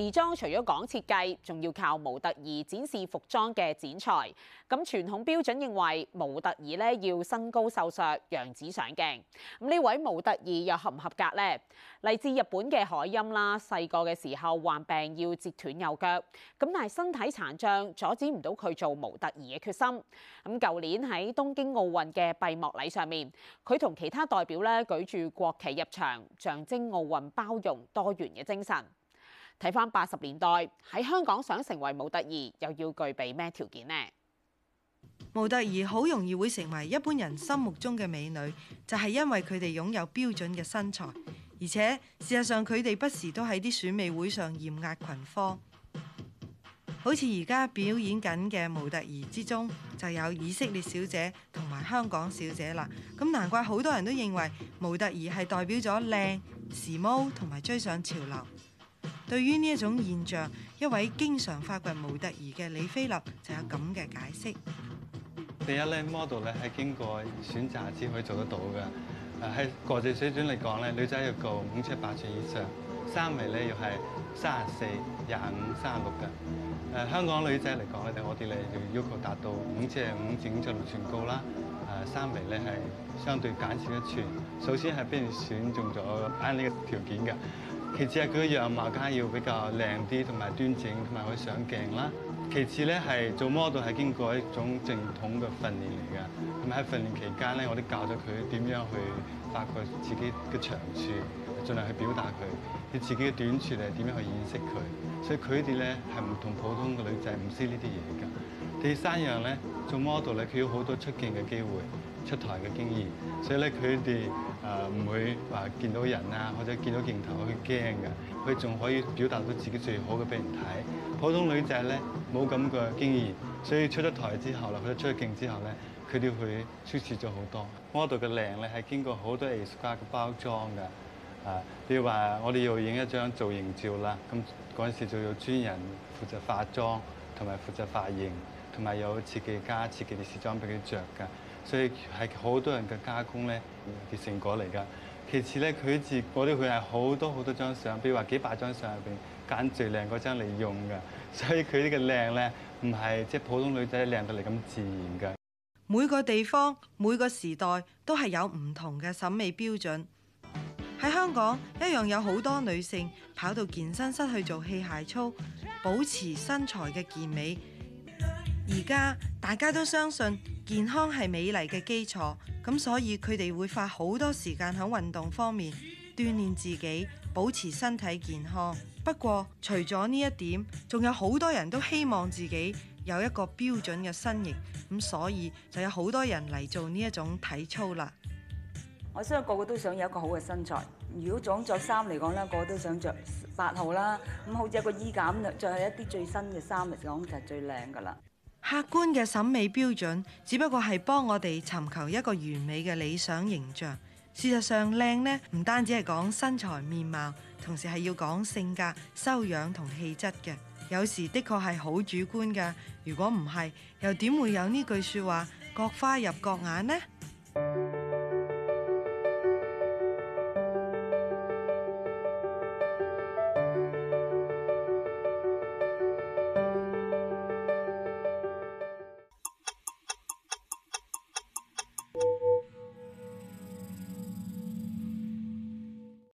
時裝除咗講設計，仲要靠模特兒展示服裝嘅剪裁。咁傳統標準認為模特兒呢要身高瘦削、樣子上鏡。咁呢位模特兒又合唔合格呢？嚟自日本嘅海音啦，細個嘅時候患病要截斷右腳，咁但係身體殘障阻止唔到佢做模特兒嘅決心。咁舊年喺東京奧運嘅閉幕禮上面，佢同其他代表呢舉住國旗入場，象徵奧運包容多元嘅精神。睇翻八十年代，喺香港想成為模特兒，又要具備咩條件呢？模特兒好容易會成為一般人心目中嘅美女，就係因為佢哋擁有標準嘅身材，而且事實上佢哋不時都喺啲選美會上豔壓群芳。好似而家表演緊嘅模特兒之中，就有以色列小姐同埋香港小姐啦。咁難怪好多人都認為模特兒係代表咗靚、時髦同埋追上潮流。對於呢一種現象，一位經常發掘模特兒嘅李菲立就有咁嘅解釋。第一咧，model 咧係經過選擇先可以做得到嘅。喺、啊、國際水準嚟講咧，女仔要夠五尺八寸以上，三圍咧又係三十四、廿五、三十六嘅。誒、啊、香港女仔嚟講咧，我哋咧要要求達到五尺五至五尺六寸高啦。誒、啊、三圍咧係相對減少一寸。首先係俾人選中咗啱呢個條件嘅。其次係佢樣貌梗係要比較靚啲，同埋端正，同埋可以上鏡啦。其次咧係做 model 係經過一種正統嘅訓練嚟㗎。咁喺訓練期間咧，我都教咗佢點樣去發掘自己嘅長處，盡量去表達佢，佢自己嘅短處係點樣去掩飾佢。所以佢哋咧係唔同普通嘅女仔唔識呢啲嘢㗎。第三樣咧，做 model 咧，佢有好多出鏡嘅機會。出台嘅經驗，所以咧佢哋誒唔會話見到人啊，或者見到鏡頭，佢驚㗎。佢仲可以表達到自己最好嘅俾人睇。普通女仔咧冇咁嘅經驗，所以出咗台之後啦，佢出咗鏡之後咧，佢哋會出示咗好多。model 嘅靚咧係經過好多藝術家嘅包裝㗎啊，譬如話我哋要影一張造型照啦，咁嗰陣時就有專人負責化妝，同埋負責髮型，同埋有設計家設計啲時裝俾佢着㗎。所以係好多人嘅加工咧嘅成果嚟噶。其次咧，佢自啲佢係好多好多張相，比如話幾百張相入邊揀最靚嗰張嚟用噶。所以佢呢個靚咧，唔係即係普通女仔靚得嚟咁自然噶。每個地方每個時代都係有唔同嘅審美標準。喺香港一樣有好多女性跑到健身室去做器械操，保持身材嘅健美。而家大家都相信。健康係美麗嘅基礎，咁所以佢哋會花好多時間喺運動方面鍛鍊自己，保持身體健康。不過除咗呢一點，仲有好多人都希望自己有一個標準嘅身形，咁所以就有好多人嚟做呢一種體操啦。我相信個個都想有一個好嘅身材。如果講著衫嚟講呢，個個都想着八號啦。咁好似一個衣架，著係一啲最新嘅衫嚟講就係最靚噶啦。客觀嘅審美標準只不過係幫我哋尋求一個完美嘅理想形象。事實上，靚呢唔單止係講身材面貌，同時係要講性格、修養同氣質嘅。有時的確係好主觀㗎。如果唔係，又點會有呢句說話：各花入各眼呢？